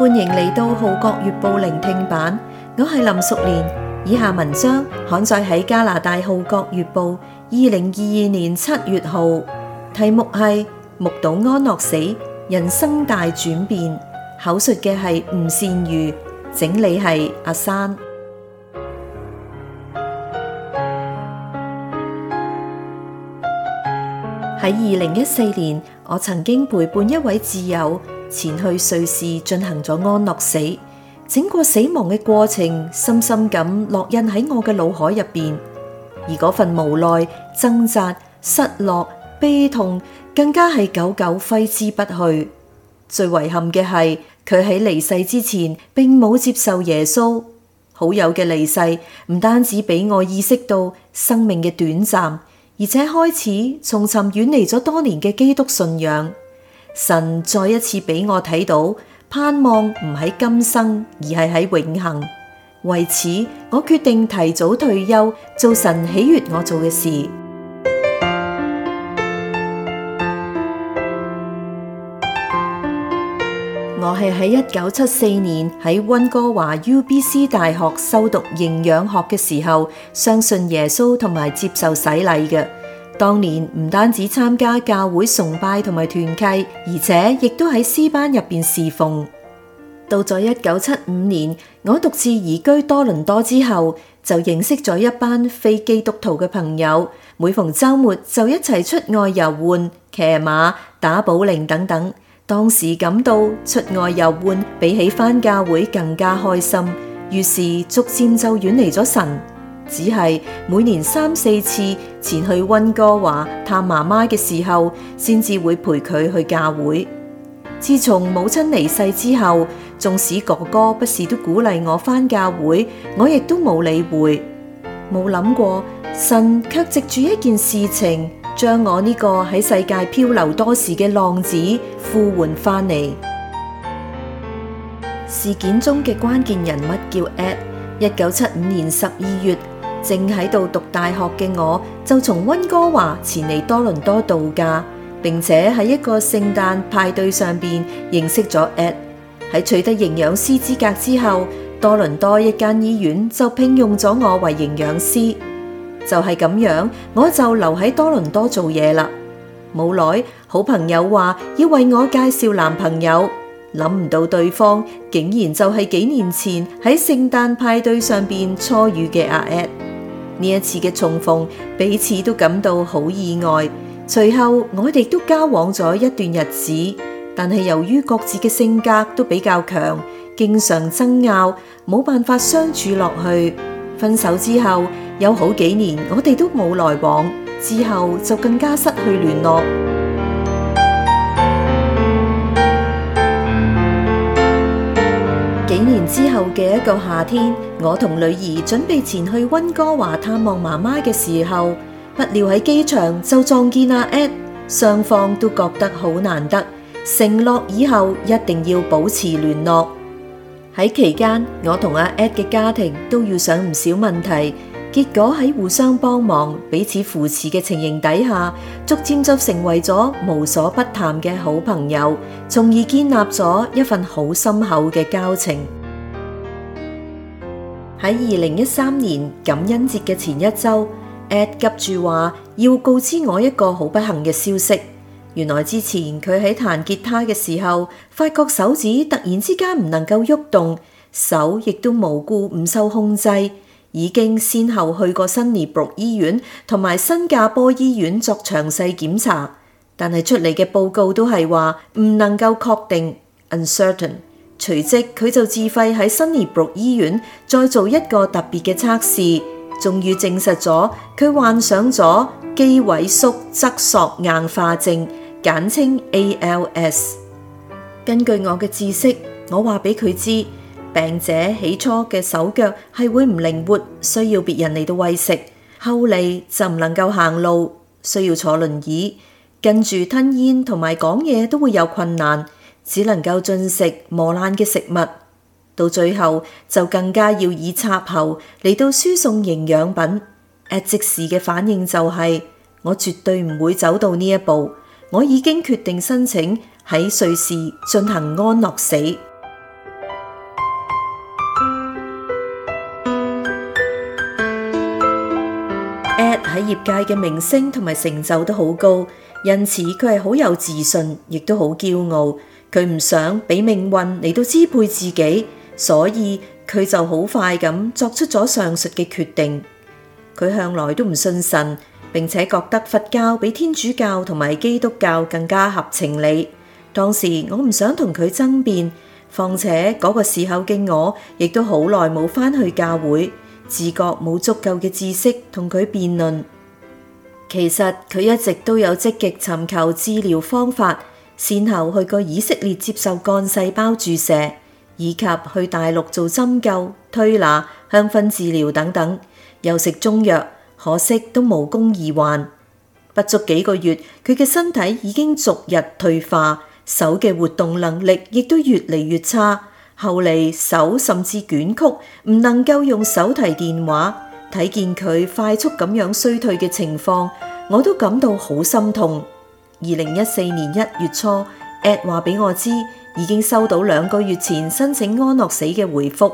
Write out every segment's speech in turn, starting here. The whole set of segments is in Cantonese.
歡迎嚟到《號角月報》聆聽版，我係林淑蓮。以下文章刊載喺加拿大《號角月報》二零二二年七月號，題目係《目睹安樂死，人生大轉變》。口述嘅係吳善如，整理係阿珊。喺二零一四年，我曾經陪伴一位摯友。前去瑞士進行咗安樂死，整個死亡嘅過程深深咁烙印喺我嘅腦海入邊，而嗰份無奈、掙扎、失落、悲痛，更加係久久揮之不去。最遺憾嘅係佢喺離世之前，並冇接受耶穌。好友嘅離世，唔單止俾我意識到生命嘅短暫，而且開始重尋遠離咗多年嘅基督信仰。神再一次俾我睇到，盼望唔喺今生，而係喺永恆。為此，我決定提早退休，做神喜悅我做嘅事。 我係喺一九七四年喺温哥華 UBC 大學修讀營養學嘅時候，相信耶穌同埋接受洗禮嘅。當年唔單止參加教會崇拜同埋團契，而且亦都喺詩班入邊侍奉。到咗一九七五年，我獨自移居多倫多之後，就認識咗一班非基督徒嘅朋友，每逢周末就一齊出外遊玩、騎馬、打保齡等等。當時感到出外遊玩比起返教會更加開心，於是逐漸就遠離咗神。只係每年三四次前去溫哥華探媽媽嘅時候，先至會陪佢去教會。自從母親離世之後，縱使哥哥不時都鼓勵我返教會，我亦都冇理會，冇諗過。神卻藉住一件事情，將我呢個喺世界漂流多時嘅浪子呼喚翻嚟。事件中嘅關鍵人物叫 At，一九七五年十二月。正喺度讀大學嘅我，就從溫哥華前嚟多倫多度假，並且喺一個聖誕派對上邊認識咗 At。喺取得營養師資格之後，多倫多一間醫院就聘用咗我為營養師。就係咁樣，我就留喺多倫多做嘢啦。冇耐，好朋友話要為我介紹男朋友，諗唔到對方竟然就係幾年前喺聖誕派對上邊初遇嘅阿 At。呢一次嘅重逢，彼此都感到好意外。隨後我哋都交往咗一段日子，但係由於各自嘅性格都比較強，經常爭拗，冇辦法相處落去。分手之後有好幾年，我哋都冇來往，之後就更加失去聯絡。幾年之後嘅一個夏天。我同女兒準備前去溫哥華探望媽媽嘅時候，不料喺機場就撞見阿 Ed，雙方都覺得好難得，承諾以後一定要保持聯絡。喺期間，我同阿 Ed 嘅家庭都遇上唔少問題，結果喺互相幫忙、彼此扶持嘅情形底下，逐漸就成為咗無所不談嘅好朋友，從而建立咗一份好深厚嘅交情。喺二零一三年感恩節嘅前一周，Ed 急住話要告知我一個好不幸嘅消息。原來之前佢喺彈吉他嘅時候，發覺手指突然之間唔能夠喐動，動，手亦都無故唔受控制。已經先後去過 Sunnybrook 醫院同埋新加坡醫院作詳細檢查，但係出嚟嘅報告都係話唔能夠確定，uncertain。Un 隨即佢就自費喺新尼伯醫院再做一個特別嘅測試，終於證實咗佢患上咗肌萎縮側索硬化症，簡稱 ALS。根據我嘅知識，我話俾佢知，病者起初嘅手腳係會唔靈活，需要別人嚟到餵食；後嚟就唔能夠行路，需要坐輪椅，跟住吞咽同埋講嘢都會有困難。只能夠進食磨爛嘅食物，到最後就更加要以插喉嚟到輸送營養品。At 即時嘅反應就係，我絕對唔會走到呢一步，我已經決定申請喺瑞士進行安樂死。At 喺業界嘅名聲同埋成就都好高，因此佢係好有自信，亦都好驕傲。佢唔想俾命運嚟到支配自己，所以佢就好快咁作出咗上述嘅決定。佢向來都唔信神，並且覺得佛教比天主教同埋基督教更加合情理。當時我唔想同佢爭辯，況且嗰個時候嘅我亦都好耐冇返去教會，自覺冇足夠嘅知識同佢辯論。其實佢一直都有積極尋求治療方法。先後去過以色列接受幹細胞注射，以及去大陸做針灸、推拿、香薰治療等等，又食中藥，可惜都無功而還。不足幾個月，佢嘅身體已經逐日退化，手嘅活動能力亦都越嚟越差。後嚟手甚至捲曲，唔能夠用手提電話。睇見佢快速咁樣衰退嘅情況，我都感到好心痛。二零一四年一月初，At 話俾我知已經收到兩個月前申請安樂死嘅回覆，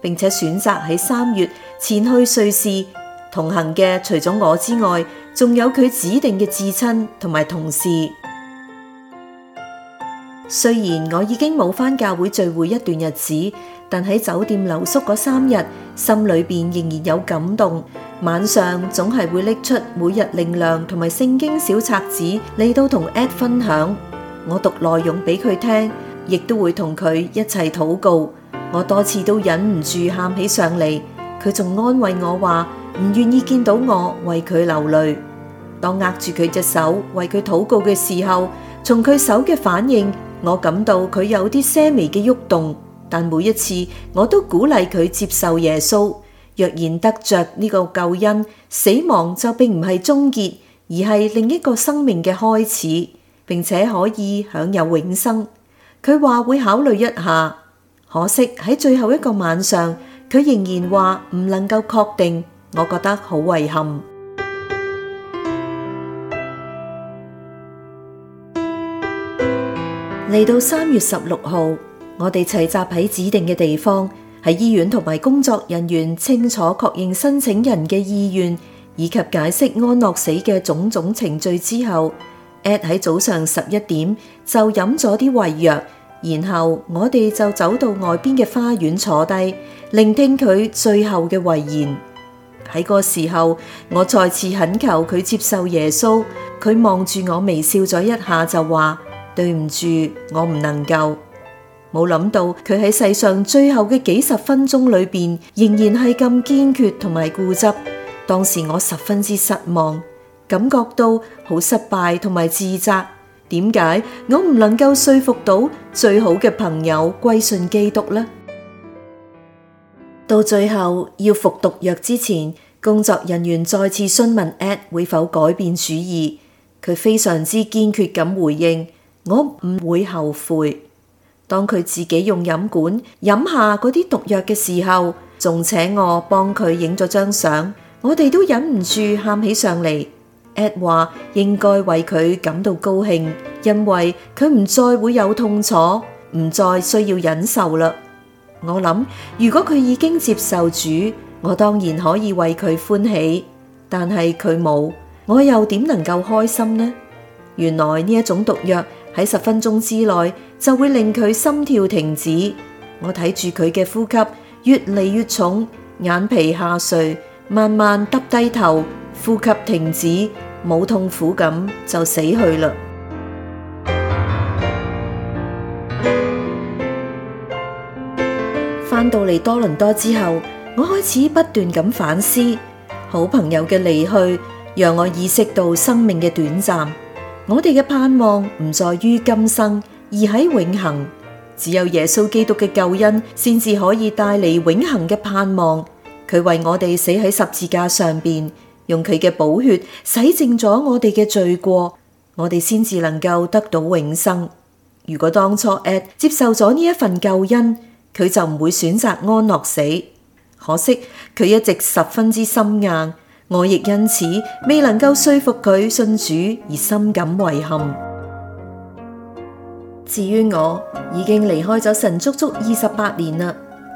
並且選擇喺三月前去瑞士。同行嘅除咗我之外，仲有佢指定嘅至親同埋同事。雖然我已經冇返教會聚會一段日子，但喺酒店留宿嗰三日，心裏邊仍然有感動。晚上總係會拎出每日靈糧同埋聖經小冊子你都同 Ed 分享，我讀內容俾佢聽，亦都會同佢一齊禱告。我多次都忍唔住喊起上嚟，佢仲安慰我話唔願意見到我為佢流淚。當握住佢隻手為佢禱告嘅時候，從佢手嘅反應。我感到佢有啲些微嘅喐動，但每一次我都鼓勵佢接受耶穌。若然得着呢個救恩，死亡就並唔係終結，而係另一個生命嘅開始，並且可以享有永生。佢話會考慮一下，可惜喺最後一個晚上，佢仍然話唔能夠確定。我覺得好遺憾。嚟到三月十六號，我哋齊集喺指定嘅地方，喺醫院同埋工作人員清楚確認申請人嘅意願，以及解釋安樂死嘅種種程序之後，at 喺早上十一點就飲咗啲胃藥，然後我哋就走到外邊嘅花園坐低，聆聽佢最後嘅遺言。喺嗰時候，我再次懇求佢接受耶穌，佢望住我微笑咗一下就話：對唔住，我唔能夠。冇諗到，佢喺世上最後嘅幾十分鐘裏邊，仍然係咁堅決同埋固執。當時我十分之失望，感覺到好失敗同埋自責。點解我唔能夠說服到最好嘅朋友歸信基督呢？到最後要服毒藥之前，工作人員再次詢問 At 會否改變主意，佢非常之堅決咁回應。我唔會後悔。當佢自己用飲管飲下嗰啲毒藥嘅時候，仲請我幫佢影咗張相，我哋都忍唔住喊起上嚟。Ed 話應該為佢感到高興，因為佢唔再會有痛楚，唔再需要忍受啦。我諗如果佢已經接受主，我當然可以為佢歡喜。但係佢冇，我又點能夠開心呢？原來呢一種毒藥。喺十分鐘之內就會令佢心跳停止。我睇住佢嘅呼吸越嚟越重，眼皮下垂，慢慢耷低頭，呼吸停止，冇痛苦咁就死去啦。翻到嚟多倫多之後，我開始不斷咁反思，好朋友嘅離去讓我意識到生命嘅短暫。我哋嘅盼望唔在於今生，而喺永恒。只有耶穌基督嘅救恩，先至可以帶嚟永恒嘅盼望。佢為我哋死喺十字架上面，用佢嘅寶血洗淨咗我哋嘅罪過，我哋先至能夠得到永生。如果當初 a 接受咗呢一份救恩，佢就唔會選擇安樂死。可惜，佢一直十分之心硬。我亦因此未能夠說服佢信主而深感遺憾。至於我，已經離開咗神足足二十八年啦，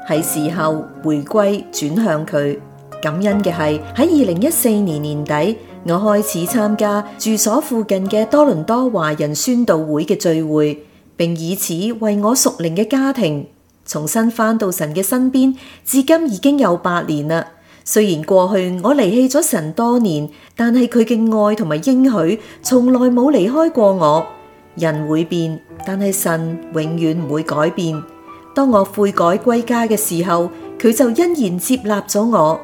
係時候回歸轉向佢。感恩嘅係喺二零一四年年底，我開始參加住所附近嘅多倫多華人宣道會嘅聚會，並以此為我屬靈嘅家庭，重新返到神嘅身邊，至今已經有八年啦。雖然過去我離棄咗神多年，但係佢嘅愛同埋應許從來冇離開過我。人會變，但係神永遠唔會改變。當我悔改歸家嘅時候，佢就欣然接納咗我。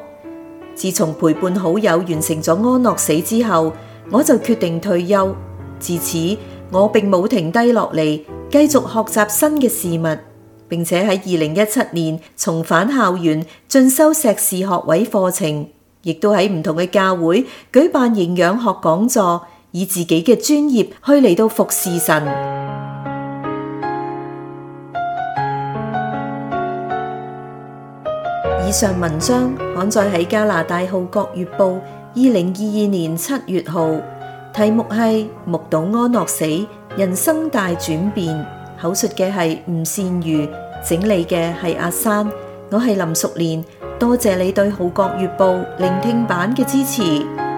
自從陪伴好友完成咗安樂死之後，我就決定退休。自此，我並冇停低落嚟，繼續學習新嘅事物。並且喺二零一七年重返校園進修碩士學位課程，亦都喺唔同嘅教會舉辦營養學講座，以自己嘅專業去嚟到服侍神。 以上文章刊載喺加拿大號《國月報》二零二二年七月號，題目係《目睹安諾死，人生大轉變》。口述嘅係吳善如，整理嘅係阿山，我係林淑蓮，多謝你對《號角月報》聆聽版嘅支持。